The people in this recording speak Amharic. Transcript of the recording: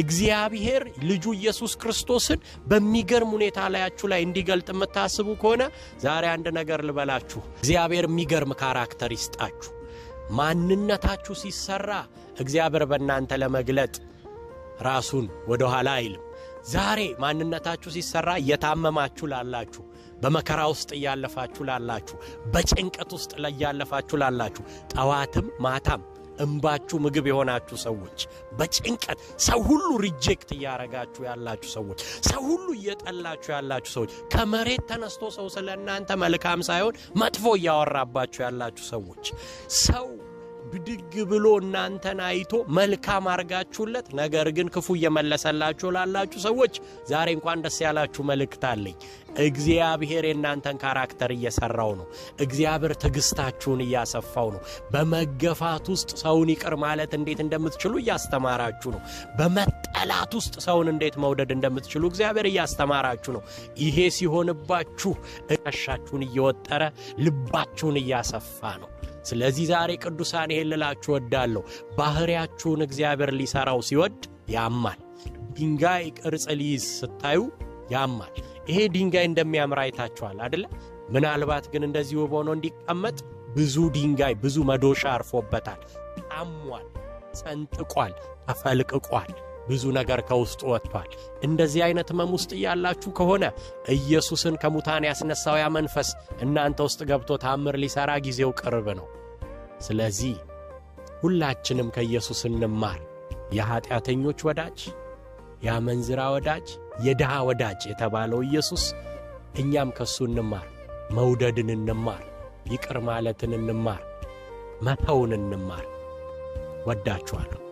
እግዚአብሔር ልጁ ኢየሱስ ክርስቶስን በሚገርም ሁኔታ ላያችሁ ላይ እንዲገልጥ የምታስቡ ከሆነ ዛሬ አንድ ነገር ልበላችሁ። እግዚአብሔር የሚገርም ካራክተር ይስጣችሁ። ማንነታችሁ ሲሰራ እግዚአብሔር በእናንተ ለመግለጥ ራሱን ወደኋላ አይልም። ዛሬ ማንነታችሁ ሲሰራ እየታመማችሁ ላላችሁ በመከራ ውስጥ እያለፋችሁ ላላችሁ፣ በጭንቀት ውስጥ እያለፋችሁ ላላችሁ ጠዋትም ማታም እንባችሁ ምግብ የሆናችሁ ሰዎች፣ በጭንቀት ሰው ሁሉ ሪጀክት እያረጋችሁ ያላችሁ ሰዎች፣ ሰው ሁሉ እየጠላችሁ ያላችሁ ሰዎች፣ ከመሬት ተነስቶ ሰው ስለ እናንተ መልካም ሳይሆን መጥፎ እያወራባችሁ ያላችሁ ሰዎች ሰው ብድግ ብሎ እናንተን አይቶ መልካም አርጋችሁለት፣ ነገር ግን ክፉ እየመለሰላችሁ ላላችሁ ሰዎች ዛሬ እንኳን ደስ ያላችሁ መልእክት አለኝ። እግዚአብሔር የእናንተን ካራክተር እየሰራው ነው። እግዚአብሔር ትዕግስታችሁን እያሰፋው ነው። በመገፋት ውስጥ ሰውን ይቅር ማለት እንዴት እንደምትችሉ እያስተማራችሁ ነው። በመጣ በጠላት ውስጥ ሰውን እንዴት መውደድ እንደምትችሉ እግዚአብሔር እያስተማራችሁ ነው። ይሄ ሲሆንባችሁ ጋሻችሁን እየወጠረ ልባችሁን እያሰፋ ነው። ስለዚህ ዛሬ ቅዱሳን ይሄን ልላችሁ ወዳለሁ። ባህሪያችሁን እግዚአብሔር ሊሰራው ሲወድ ያማል። ድንጋይ ቅርጽ ሊይዝ ስታዩ ያማል። ይሄ ድንጋይ እንደሚያምር አይታችኋል አደለ? ምናልባት ግን እንደዚህ ውብ ሆኖ እንዲቀመጥ ብዙ ድንጋይ ብዙ መዶሻ አርፎበታል። ታሟል፣ ሰንጥቋል፣ ተፈልቅቋል። ብዙ ነገር ከውስጡ ወጥቷል። እንደዚህ አይነት ህመም ውስጥ እያላችሁ ከሆነ ኢየሱስን ከሙታን ያስነሳው ያ መንፈስ እናንተ ውስጥ ገብቶ ታምር ሊሠራ ጊዜው ቅርብ ነው። ስለዚህ ሁላችንም ከኢየሱስ እንማር። የኀጢአተኞች ወዳጅ፣ የአመንዝራ ወዳጅ፣ የድሃ ወዳጅ የተባለው ኢየሱስ እኛም ከእሱ እንማር። መውደድን እንማር። ይቅር ማለትን እንማር። መተውን እንማር። ወዳችኋለሁ።